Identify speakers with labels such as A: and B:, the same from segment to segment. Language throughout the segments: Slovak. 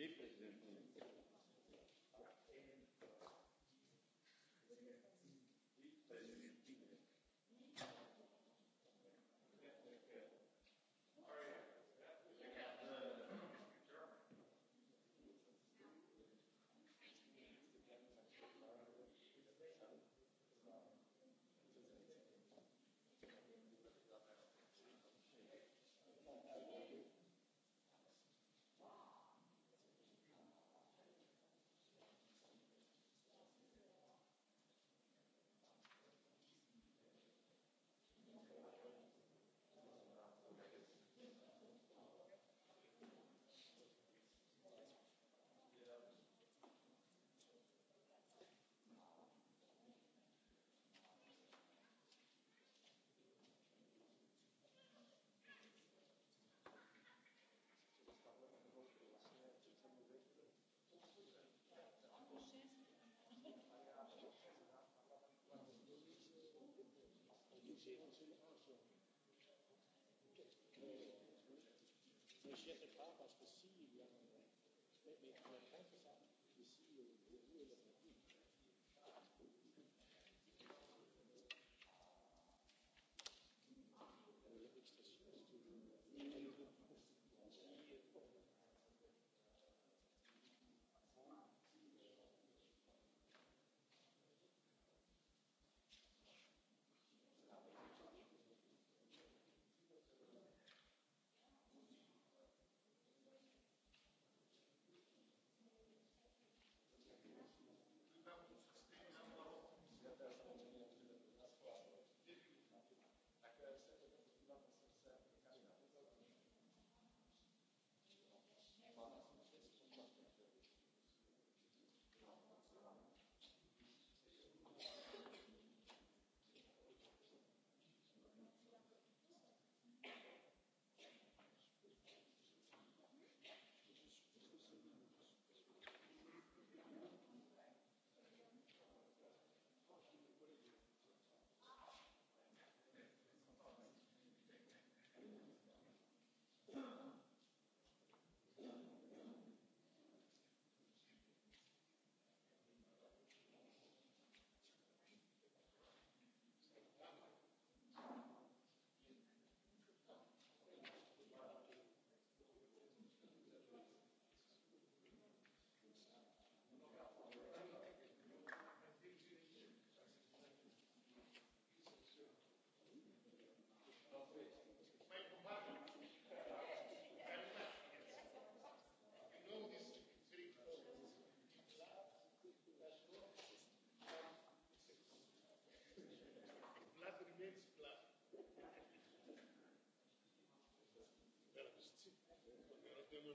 A: depresión Presidente Papa specifica,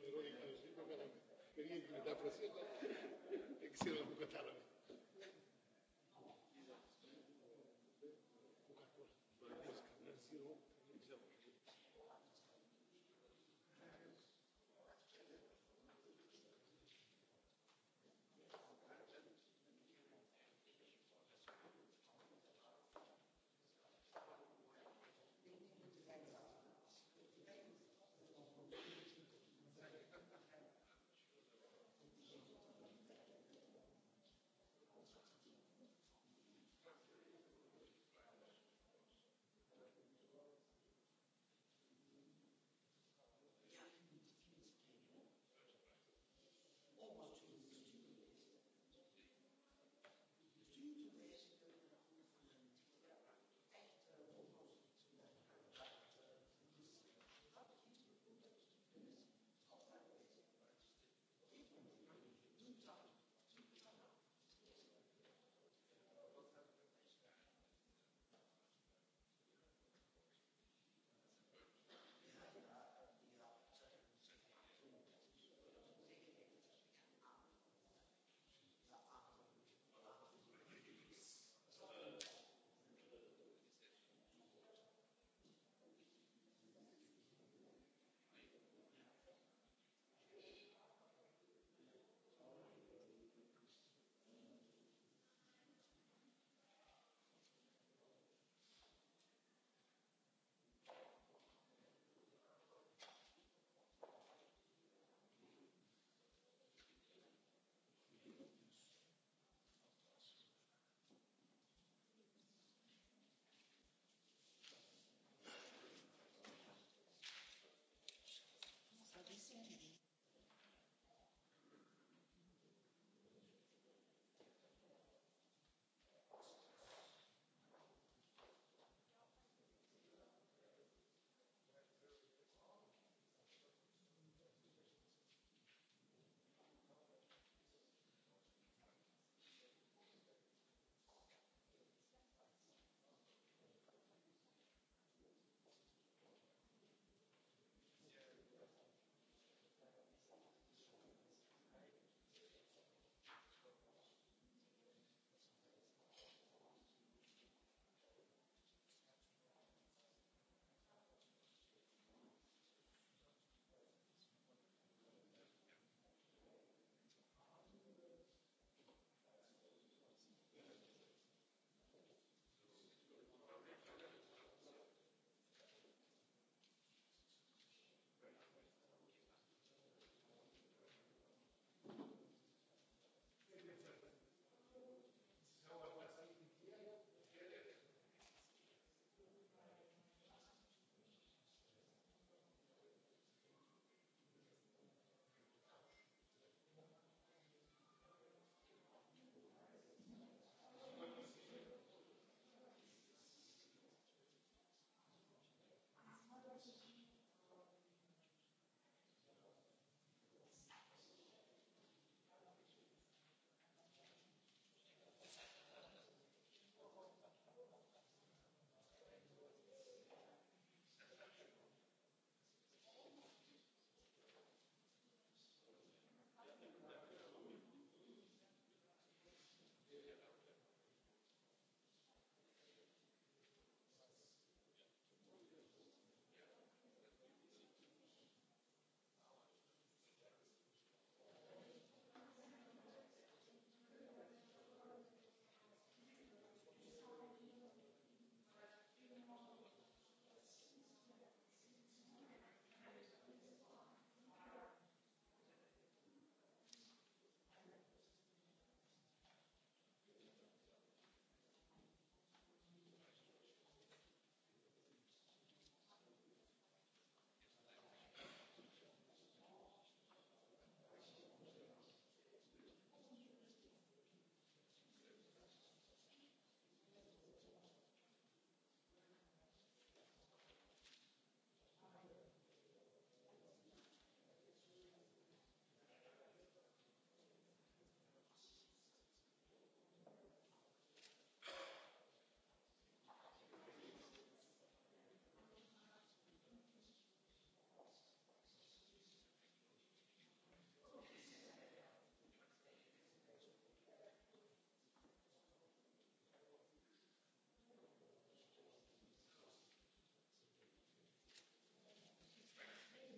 A: Veronica, nu știu, nu că n-am experiență, dar frăsieră, că xeră cu catalogă.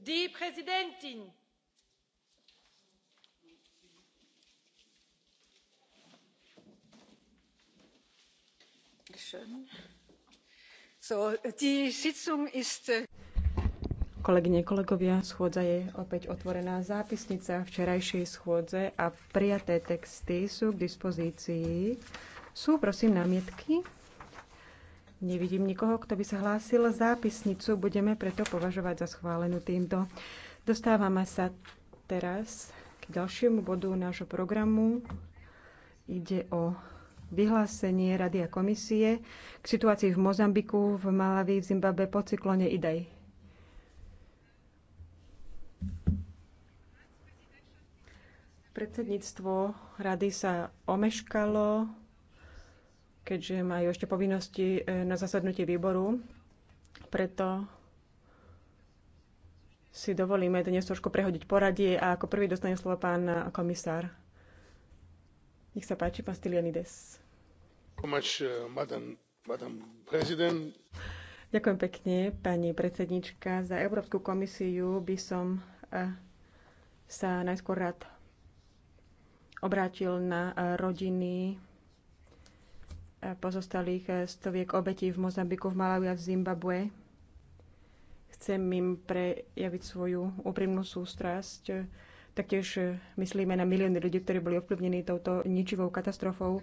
A: die präsidentin! die sitzung ist äh, kolegyne, kolegovia, schôdza je opäť otvorená. Zápisnica včerajšej schôdze a prijaté texty sú k dispozícii. Sú prosím námietky? Nevidím nikoho, kto by sa hlásil. Zápisnicu budeme preto považovať za schválenú týmto. Dostávame sa teraz k ďalšiemu bodu nášho programu. Ide o vyhlásenie Rady a komisie k situácii v Mozambiku, v Malavi, v Zimbabve po cyklone Idaj. Predsedníctvo rady sa omeškalo keďže majú ešte povinnosti e, na zasadnutie výboru. Preto si dovolíme dnes trošku prehodiť poradie a ako prvý dostane slovo pán komisár. Nech sa páči, pán Stylianides. Ďakujem pekne, pani predsednička. Za Európsku komisiu by som e, sa najskôr rád obrátil na e, rodiny pozostalých eh, stoviek obetí v Mozambiku, v Malawi a v Zimbabwe. Chcem im prejaviť svoju úprimnú sústrasť. Taktiež eh, myslíme na milióny ľudí, ktorí boli ovplyvnení touto ničivou katastrofou.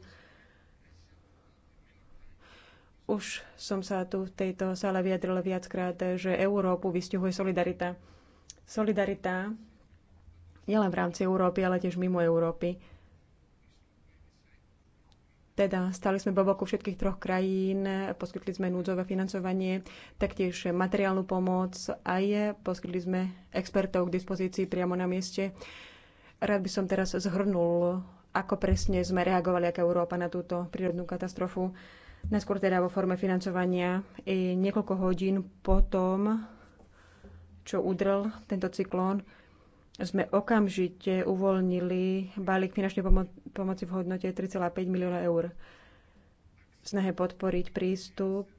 A: Už som sa tu v tejto sále vyjadrila viackrát, eh, že Európu vystihuje solidarita. Solidarita nielen v rámci Európy, ale tiež mimo Európy teda stali sme po boku všetkých troch krajín, poskytli sme núdzové financovanie, taktiež materiálnu pomoc a je, poskytli sme expertov k dispozícii priamo na mieste. Rád by som teraz zhrnul, ako presne sme reagovali ako Európa na túto prírodnú katastrofu. Najskôr teda vo forme financovania i niekoľko hodín po tom, čo udrel tento cyklón, sme okamžite uvoľnili balík finančnej pomo- pomoci v hodnote 3,5 milióna eur v snahe podporiť prístup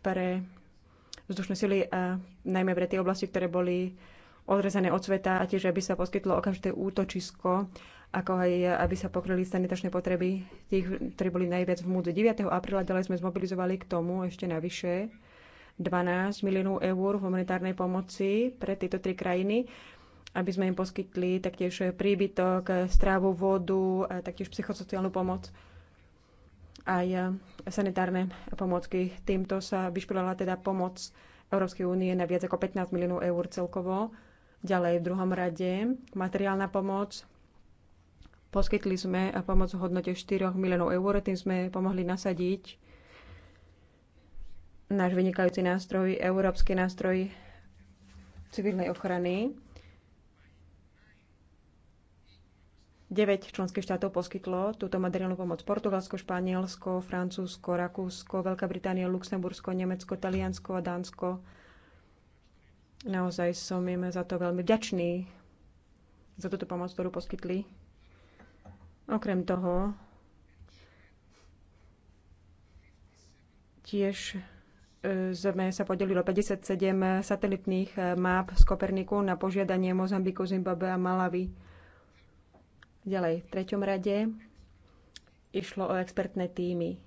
A: pre vzdušné sily a najmä pre tie oblasti, ktoré boli odrezané od sveta a tiež, aby sa poskytlo okamžité útočisko, ako aj aby sa pokryli sanitačné potreby tých, ktorí boli najviac v múdze. 9. apríla ďalej sme zmobilizovali k tomu ešte navyše 12 miliónov eur v humanitárnej pomoci pre tieto tri krajiny aby sme im poskytli taktiež príbytok, strávu, vodu, taktiež psychosociálnu pomoc aj sanitárne pomôcky. Týmto sa vyšpilala teda pomoc Európskej únie na viac ako 15 miliónov eur celkovo. Ďalej v druhom rade materiálna pomoc. Poskytli sme pomoc v hodnote 4 miliónov eur, tým sme pomohli nasadiť náš vynikajúci nástroj, európsky nástroj civilnej ochrany 9 členských štátov poskytlo túto materiálnu pomoc. Portugalsko, Španielsko, Francúzsko, Rakúsko, Veľká Británia, Luxembursko, Nemecko, Taliansko a Dánsko. Naozaj som im za to veľmi vďačný, za túto pomoc, ktorú poskytli. Okrem toho, tiež e, sme sa podelilo 57 satelitných e, map z Koperniku na požiadanie Mozambiku, Zimbabwe a Malavy Ďalej, v treťom rade išlo o expertné týmy.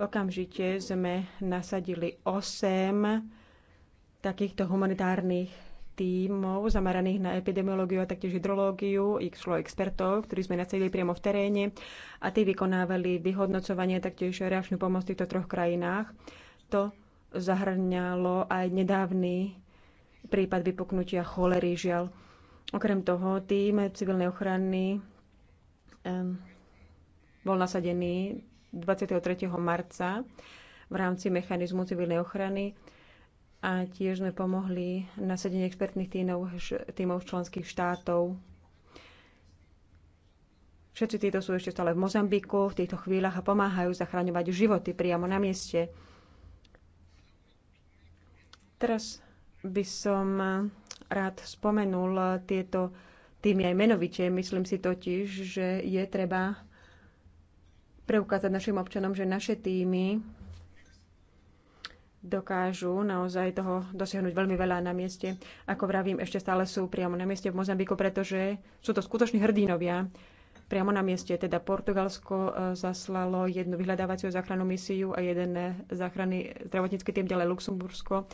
A: Okamžite sme nasadili 8 takýchto humanitárnych tímov zameraných na epidemiológiu a taktiež hydrológiu, Ich šlo expertov, ktorí sme nasadili priamo v teréne a tí vykonávali vyhodnocovanie taktiež reakčnú pomoc v týchto troch krajinách. To zahrňalo aj nedávny prípad vypuknutia cholery, žiaľ. Okrem toho, tým civilnej ochrany bol nasadený 23. marca v rámci mechanizmu civilnej ochrany a tiež sme pomohli nasadenie expertných tímov, tímov členských štátov Všetci títo sú ešte stále v Mozambiku v týchto chvíľach a pomáhajú zachraňovať životy priamo na mieste. Teraz by som rád spomenul tieto týmy aj menovite. Myslím si totiž, že je treba preukázať našim občanom, že naše týmy dokážu naozaj toho dosiahnuť veľmi veľa na mieste. Ako vravím, ešte stále sú priamo na mieste v Mozambiku, pretože sú to skutoční hrdinovia. Priamo na mieste, teda Portugalsko e, zaslalo jednu vyhľadávaciu záchrannú misiu a jeden e, záchranný zdravotnícky tým ďalej Luxembursko.